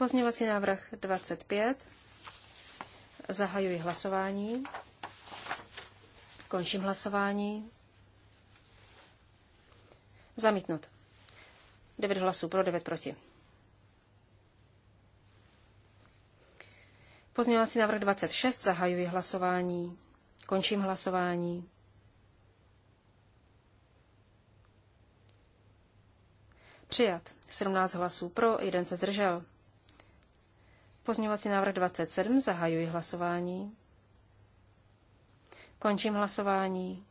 Pozměňovací návrh 25. Zahajuji hlasování. Končím hlasování. Zamítnut. 9 hlasů pro, 9 proti. Pozměňovací návrh 26. Zahajuji hlasování. Končím hlasování. Přijat. 17 hlasů pro, 1 se zdržel. Pozměňovací návrh 27. Zahajuji hlasování. Končím hlasování.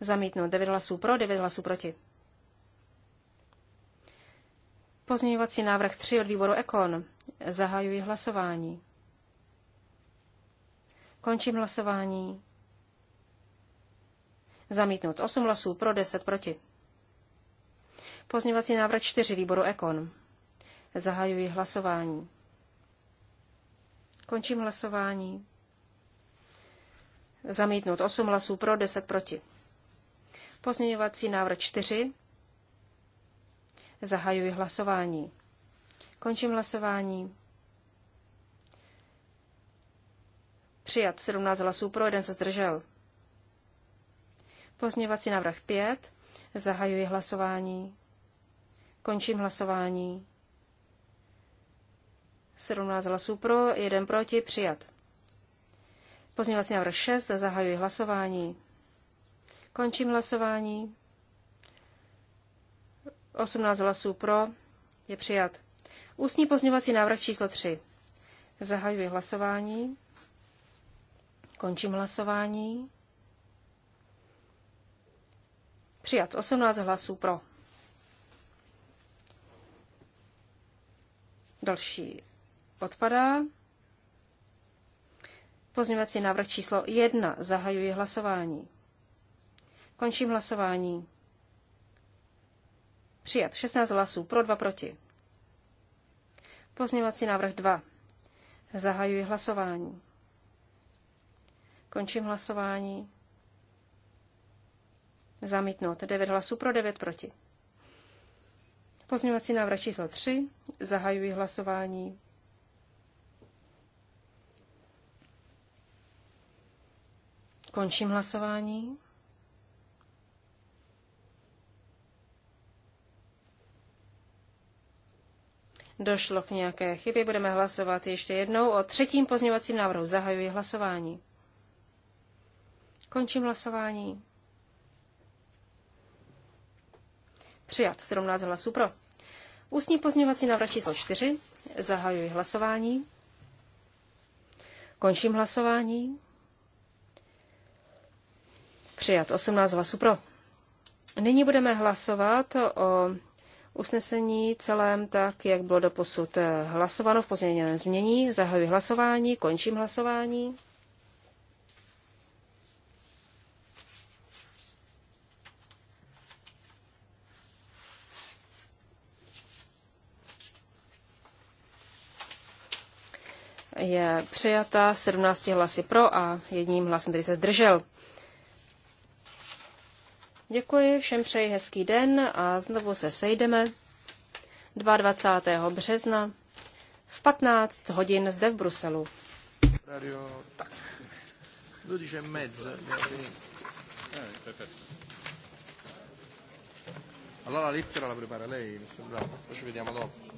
Zamítnu. 9 hlasů pro, 9 hlasů proti. Pozměňovací návrh 3 od výboru Ekon. Zahajuji hlasování. Končím hlasování. Zamítnout 8 hlasů pro, 10 proti. Pozměňovací návrh 4 výboru Ekon. Zahajuji hlasování. Končím hlasování. Zamítnout 8 hlasů pro, 10 proti. Pozměňovací návrh 4. Zahajuji hlasování. Končím hlasování. Přijat 17 hlasů pro, jeden se zdržel. Pozměňovací návrh 5. Zahajuji hlasování. Končím hlasování. 17 hlasů pro, 1 proti, přijat. Pozměňovací návrh 6, zahajuji hlasování. Končím hlasování. 18 hlasů pro, je přijat. Ústní pozměňovací návrh číslo 3. Zahajuji hlasování. Končím hlasování. Přijat 18 hlasů pro. Další odpadá. Pozměňovací návrh číslo 1. Zahajuji hlasování. Končím hlasování. Přijat 16 hlasů pro 2 proti. Pozměňovací návrh 2. Zahajuji hlasování. Končím hlasování. Zamítnout 9 hlasů pro 9 proti. Pozměňovací návrh číslo 3. Zahajuji hlasování. Končím hlasování. Došlo k nějaké chybě, budeme hlasovat ještě jednou o třetím pozměňovacím návrhu. Zahajuji hlasování. Končím hlasování. Přijat 17 hlasů pro. Ústní pozměňovací návrh číslo 4. Zahajuji hlasování. Končím hlasování. Přijat 18 hlasů pro. Nyní budeme hlasovat o usnesení celém tak, jak bylo doposud eh, hlasováno v pozměněném změní. Zahajuji hlasování, končím hlasování. Je přijata 17 hlasy pro a jedním hlasem, který se zdržel. Děkuji, všem přeji hezký den a znovu se sejdeme 22. března v 15 hodin zde v Bruselu. Radio, tak. Allora la lettera la prepara lei, mi sembra, poi ci vediamo dopo.